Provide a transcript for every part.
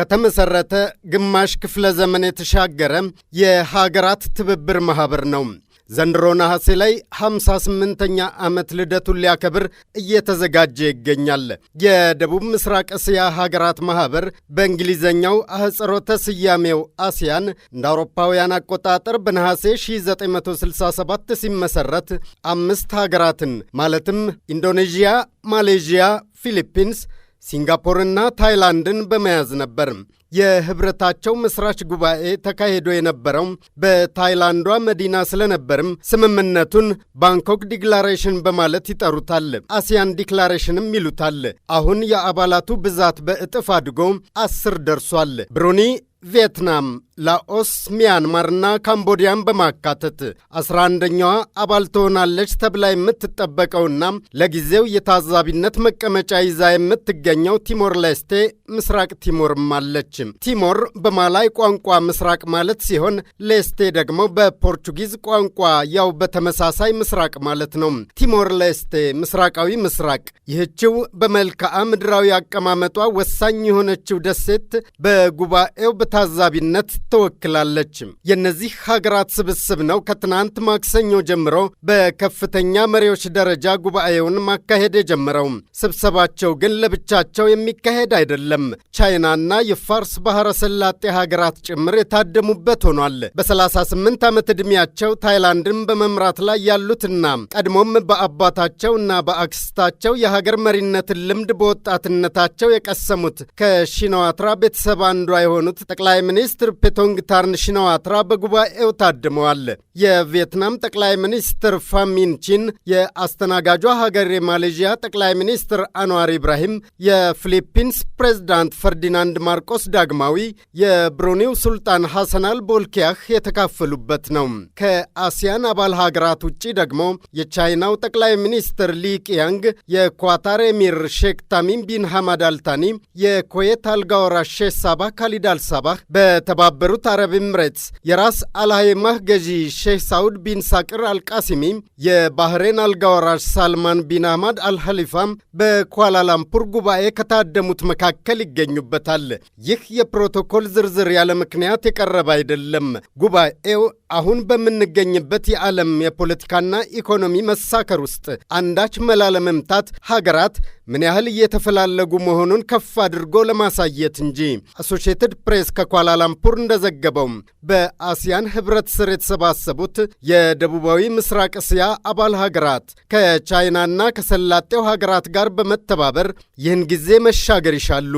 ከተመሠረተ ግማሽ ክፍለ ዘመን የተሻገረ የሀገራት ትብብር ማኅበር ነው። ዘንድሮ ነሐሴ ላይ 58ኛ ዓመት ልደቱን ሊያከብር እየተዘጋጀ ይገኛል። የደቡብ ምስራቅ እስያ ሀገራት ማኅበር በእንግሊዘኛው አህጽሮተ ስያሜው አሲያን እንደ አውሮፓውያን አቆጣጠር በነሐሴ 1967 ሲመሠረት አምስት ሀገራትን ማለትም ኢንዶኔዥያ፣ ማሌዥያ፣ ፊሊፒንስ ሲንጋፖርና ታይላንድን በመያዝ ነበር። የህብረታቸው ምስራች ጉባኤ ተካሂዶ የነበረው በታይላንዷ መዲና ስለነበርም ስምምነቱን ባንኮክ ዲክላሬሽን በማለት ይጠሩታል። አሲያን ዲክላሬሽንም ይሉታል። አሁን የአባላቱ ብዛት በእጥፍ አድጎ አስር ደርሷል። ብሩኒ ቪየትናም፣ ላኦስ፣ ሚያንማርና ካምቦዲያን በማካተት አስራ አንደኛዋ አባል ትሆናለች ተብላ የምትጠበቀውና ለጊዜው የታዛቢነት መቀመጫ ይዛ የምትገኘው ቲሞር ሌስቴ ምስራቅ ቲሞርም አለች። ቲሞር በማላይ ቋንቋ ምስራቅ ማለት ሲሆን ሌስቴ ደግሞ በፖርቹጊዝ ቋንቋ ያው በተመሳሳይ ምስራቅ ማለት ነው። ቲሞር ሌስቴ ምስራቃዊ ምስራቅ። ይህችው በመልክዓ ምድራዊ አቀማመጧ ወሳኝ የሆነችው ደሴት በጉባኤው በታዛቢነት ትወክላለች። የእነዚህ ሀገራት ስብስብ ነው ከትናንት ማክሰኞ ጀምሮ በከፍተኛ መሪዎች ደረጃ ጉባኤውን ማካሄድ የጀመረው። ስብሰባቸው ግን ለብቻቸው የሚካሄድ አይደለም። ቻይናና የፋርስ ፋርስ ባህረ ሰላጤ ሀገራት ጭምር የታደሙበት ሆኗል። በ38 ዓመት ዕድሜያቸው ታይላንድን በመምራት ላይ ያሉትና ቀድሞም በአባታቸው እና በአክስታቸው የሀገር መሪነትን ልምድ በወጣትነታቸው የቀሰሙት ከሺነዋትራ ቤተሰብ አንዷ የሆኑት ጠቅላይ ሚኒስትር ፔቶንግ ታርን በጉባኤው ታድመዋል። የቪየትናም ጠቅላይ ሚኒስትር ፋሚንቺን፣ የአስተናጋጇ ሀገር የማሌዥያ ጠቅላይ ሚኒስትር አንዋር ኢብራሂም፣ የፊሊፒንስ ፕሬዝዳንት ፈርዲናንድ ማርቆስ ዳግማዊ የብሩኔው ሱልጣን ሐሰን አል ቦልኪያህ የተካፈሉበት ነው። ከአሲያን አባል ሀገራት ውጭ ደግሞ የቻይናው ጠቅላይ ሚኒስትር ሊቅያንግ፣ የኳታር ኤሚር ሼክ ታሚም ቢን ሐማድ አልታኒ፣ የኮዌት አልጋወራ ሼህ ሳባህ ካሊድ አልሳባህ፣ በተባበሩት አረብ ኤምሬትስ የራስ አልሃይማህ ገዢ ሼህ ሳውድ ቢን ሳቅር አልቃሲሚ፣ የባህሬን አልጋወራሽ ሳልማን ቢን አህማድ አልሐሊፋም በኳላላምፑር ጉባኤ ከታደሙት መካከል ይገኙበታል። ይህ የፕሮቶኮል ዝርዝር ያለ ምክንያት የቀረበ አይደለም። ጉባኤው አሁን በምንገኝበት የዓለም የፖለቲካና ኢኮኖሚ መሳከር ውስጥ አንዳች መላ ለመምታት ሀገራት ምን ያህል እየተፈላለጉ መሆኑን ከፍ አድርጎ ለማሳየት እንጂ። አሶሽየትድ ፕሬስ ከኳላላምፑር እንደዘገበው በአሲያን ህብረት ስር የተሰባሰቡት የደቡባዊ ምስራቅ እስያ አባል ሀገራት ከቻይናና ከሰላጤው ሀገራት ጋር በመተባበር ይህን ጊዜ መሻገር ይሻሉ።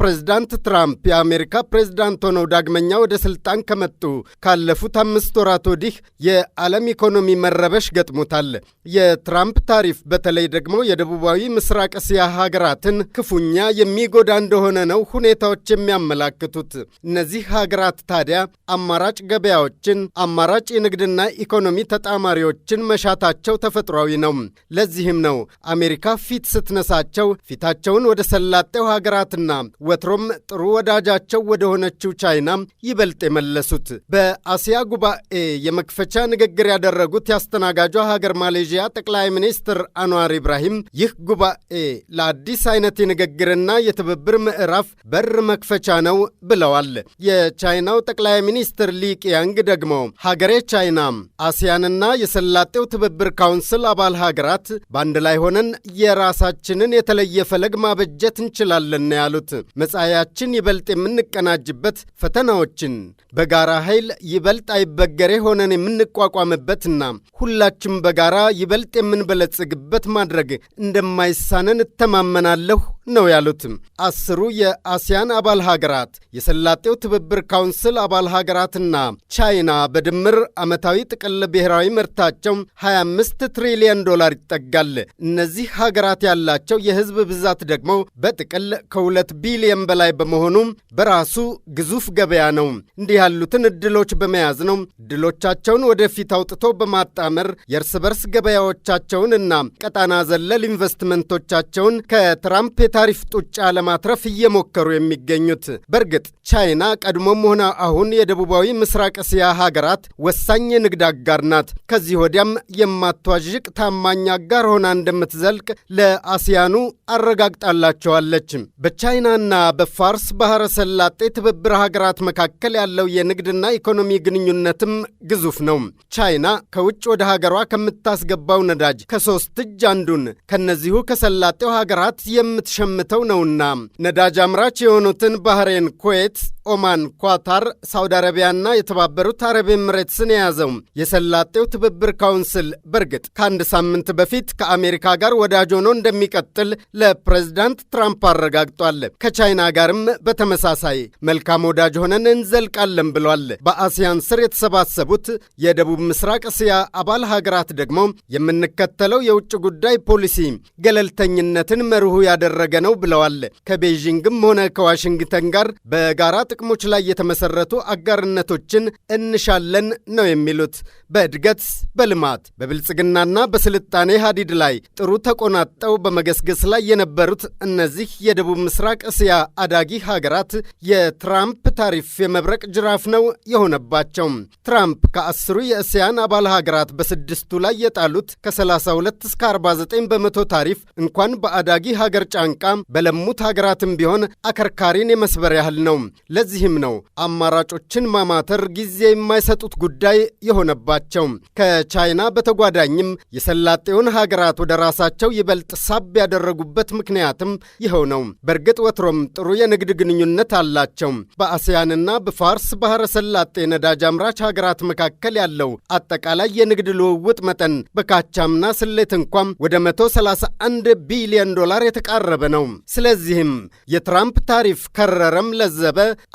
ፕሬዝዳንት ትራምፕ የአሜሪካ ፕሬዝዳንት ሆነው ዳግመኛ ወደ ስልጣን ከመጡ ካለፉት አምስት ከስድስት ወራት ወዲህ የዓለም ኢኮኖሚ መረበሽ ገጥሞታል። የትራምፕ ታሪፍ በተለይ ደግሞ የደቡባዊ ምስራቅ እስያ ሀገራትን ክፉኛ የሚጎዳ እንደሆነ ነው ሁኔታዎች የሚያመላክቱት። እነዚህ ሀገራት ታዲያ አማራጭ ገበያዎችን፣ አማራጭ የንግድና ኢኮኖሚ ተጣማሪዎችን መሻታቸው ተፈጥሯዊ ነው። ለዚህም ነው አሜሪካ ፊት ስትነሳቸው ፊታቸውን ወደ ሰላጤው ሀገራትና ወትሮም ጥሩ ወዳጃቸው ወደሆነችው ቻይና ይበልጥ የመለሱት። በአሲያ ጉባኤ የመክፈቻ ንግግር ያደረጉት የአስተናጋጇ ሀገር ማሌዥያ ጠቅላይ ሚኒስትር አንዋር ኢብራሂም ይህ ጉባኤ ለአዲስ አይነት የንግግርና የትብብር ምዕራፍ በር መክፈቻ ነው ብለዋል። የቻይናው ጠቅላይ ሚኒስትር ሊቅያንግ ደግሞ ሀገሬ ቻይና አሲያንና የሰላጤው ትብብር ካውንስል አባል ሀገራት በአንድ ላይ ሆነን የራሳችንን የተለየ ፈለግ ማበጀት እንችላለን ያሉት መጻያችን ይበልጥ የምንቀናጅበት ፈተናዎችን በጋራ ኃይል ይበልጥ አይበግ ችግሬ ሆነን የምንቋቋምበትና ሁላችን በጋራ ይበልጥ የምንበለጽግበት ማድረግ እንደማይሳነን እተማመናለሁ ነው ያሉትም። አስሩ የአሲያን አባል ሀገራት የሰላጤው ትብብር ካውንስል አባል ሀገራትና ቻይና በድምር ዓመታዊ ጥቅል ብሔራዊ ምርታቸው 25 ትሪሊየን ዶላር ይጠጋል። እነዚህ ሀገራት ያላቸው የህዝብ ብዛት ደግሞ በጥቅል ከሁለት ቢሊየን በላይ በመሆኑ በራሱ ግዙፍ ገበያ ነው። እንዲህ ያሉትን እድሎች በመያዝ ነው እድሎቻቸውን ወደፊት አውጥቶ በማጣመር የእርስ በርስ ገበያዎቻቸውንና ቀጣና ዘለል ኢንቨስትመንቶቻቸውን ከትራምፕ የታሪፍ ጡጫ ለማትረፍ እየሞከሩ የሚገኙት። በእርግጥ ቻይና ቀድሞም ሆነ አሁን የደቡባዊ ምስራቅ እስያ ሀገራት ወሳኝ የንግድ አጋር ናት። ከዚህ ወዲያም የማትዋዥቅ ታማኝ አጋር ሆና እንደምትዘልቅ ለአሲያኑ አረጋግጣላቸዋለች። በቻይናና በፋርስ ባህረ ሰላጤ ትብብር ሀገራት መካከል ያለው የንግድና ኢኮኖሚ ግንኙነትም ግዙፍ ነው። ቻይና ከውጭ ወደ ሀገሯ ከምታስገባው ነዳጅ ከሶስት እጅ አንዱን ከነዚሁ ከሰላጤው ሀገራት የምትሸ ሸምተው ነውና ነዳጅ አምራች የሆኑትን ባህሬን፣ ኩዌት፣ ኦማን፣ ኳታር፣ ሳውዲ አረቢያና የተባበሩት አረብ ኤምሬትስን የያዘው የሰላጤው ትብብር ካውንስል በእርግጥ ከአንድ ሳምንት በፊት ከአሜሪካ ጋር ወዳጅ ሆኖ እንደሚቀጥል ለፕሬዝዳንት ትራምፕ አረጋግጧል። ከቻይና ጋርም በተመሳሳይ መልካም ወዳጅ ሆነን እንዘልቃለን ብሏል። በአሲያን ስር የተሰባሰቡት የደቡብ ምስራቅ እስያ አባል ሀገራት ደግሞ የምንከተለው የውጭ ጉዳይ ፖሊሲ ገለልተኝነትን መርሁ ያደረገ ነው ብለዋል። ከቤይዥንግም ሆነ ከዋሽንግተን ጋር በጋራ ጥቅሞች ላይ የተመሰረቱ አጋርነቶችን እንሻለን ነው የሚሉት። በእድገት በልማት በብልጽግናና በስልጣኔ ሀዲድ ላይ ጥሩ ተቆናጠው በመገስገስ ላይ የነበሩት እነዚህ የደቡብ ምስራቅ እስያ አዳጊ ሀገራት የትራምፕ ታሪፍ የመብረቅ ጅራፍ ነው የሆነባቸው። ትራምፕ ከአስሩ የእስያን አባል ሀገራት በስድስቱ ላይ የጣሉት ከ32 እስከ 49 በመቶ ታሪፍ እንኳን በአዳጊ ሀገር ጫንቃ በለሙት ሀገራትም ቢሆን አከርካሪን የመስበር ያህል ነው። ለዚህም ነው አማራጮችን ማማተር ጊዜ የማይሰጡት ጉዳይ የሆነባቸው። ከቻይና በተጓዳኝም የሰላጤውን ሀገራት ወደ ራሳቸው ይበልጥ ሳብ ያደረጉበት ምክንያትም ይኸው ነው። በእርግጥ ወትሮም ጥሩ የንግድ ግንኙነት አላቸው። በአስያንና በፋርስ ባህረ ሰላጤ ነዳጅ አምራች ሀገራት መካከል ያለው አጠቃላይ የንግድ ልውውጥ መጠን በካቻምና ስሌት እንኳም ወደ 131 ቢሊዮን ዶላር የተቃረበ ነው። ስለዚህም የትራምፕ ታሪፍ ከረረም ለዘበ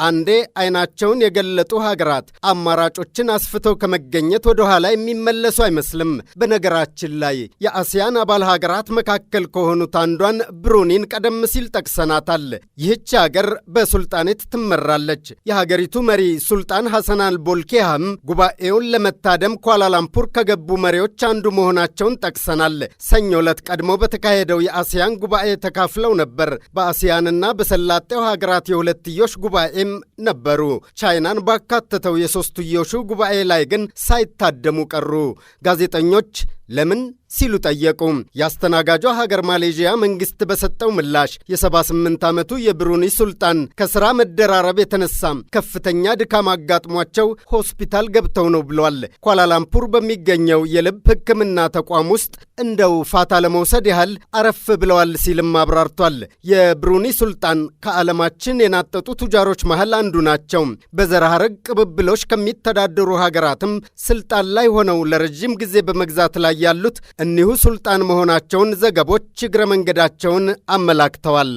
አንዴ አይናቸውን የገለጡ ሀገራት አማራጮችን አስፍተው ከመገኘት ወደ ኋላ የሚመለሱ አይመስልም። በነገራችን ላይ የአሲያን አባል ሀገራት መካከል ከሆኑት አንዷን ብሩኒን ቀደም ሲል ጠቅሰናታል። ይህች ሀገር በሱልጣኔት ትመራለች። የሀገሪቱ መሪ ሱልጣን ሐሰን ቦልኬሃም ጉባኤውን ለመታደም ኳላላምፑር ከገቡ መሪዎች አንዱ መሆናቸውን ጠቅሰናል። ሰኞ ዕለት ቀድሞ በተካሄደው የአሲያን ጉባኤ ተካፍለው ነበር። በአሲያንና በሰላጤው ሀገራት የሁለትዮሽ ጉባኤ ላይም ነበሩ። ቻይናን ባካተተው የሦስትዮሹ ጉባኤ ላይ ግን ሳይታደሙ ቀሩ። ጋዜጠኞች ለምን ሲሉ ጠየቁ። የአስተናጋጇ ሀገር ማሌዥያ መንግስት በሰጠው ምላሽ የ78 ዓመቱ የብሩኒ ሱልጣን ከስራ መደራረብ የተነሳ ከፍተኛ ድካም አጋጥሟቸው ሆስፒታል ገብተው ነው ብሏል። ኳላላምፑር በሚገኘው የልብ ሕክምና ተቋም ውስጥ እንደው ፋታ ለመውሰድ ያህል አረፍ ብለዋል ሲልም አብራርቷል። የብሩኒ ሱልጣን ከዓለማችን የናጠጡ ቱጃሮች መሃል አንዱ ናቸው። በዘር ሐረግ ቅብብሎች ከሚተዳደሩ ሀገራትም ስልጣን ላይ ሆነው ለረዥም ጊዜ በመግዛት ላይ ላይ ያሉት እኒሁ ሱልጣን መሆናቸውን ዘገቦች እግረ መንገዳቸውን አመላክተዋል።